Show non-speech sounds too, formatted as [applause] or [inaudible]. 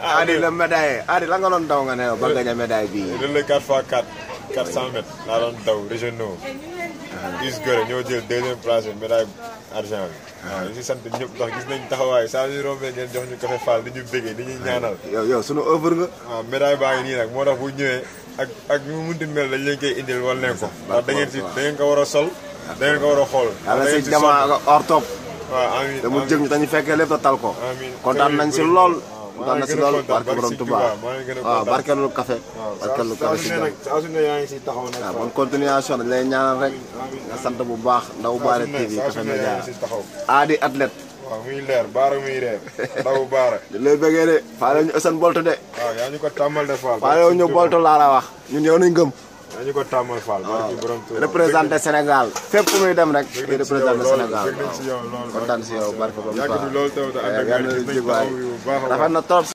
Ah, Adi la médaille Adi la nga doon daw nga ne ba gañ médaille bii. le 4x4 400 mètres laa doon daw régionaux. is gore ñoo jël deuxième place bi ah, ñu si sant saa yu rombee ngeen jox ñu café Fall di ñu bëggee di ñuy ñaanal. Ah, yow sunu œuvre nga. waaw médaille nii nag moo tax bu ñëwee ak ak ñu mu munti mel dañ leen koy indil wal ko. ndax da ngeen si da ngeen ko war a sol. da ngeen ko war a xool. da ngeen si sol yàlla si jamono or topp. waaw amiin amiin te mu jëg ñu dañu fekkee lépp tal ko. kontaan na si loolu barke borom Touba waaw barkeelu café barkeelu si waaw bonne continuation dañ lay ñaanal rek nga sant bu baax ndaw baare TV Café Média aadi athlète waaw muy leer baara muy leer ndaw baara [laughs] di lay bëggee de faale ñu Usain Bolt de waaw ñu ko tàmmal de Fall faale ñu Bolt la wax ñun yow nañ gëm yaa ñu ko tàmmal Fall représenté Sénégal fépp van a tops.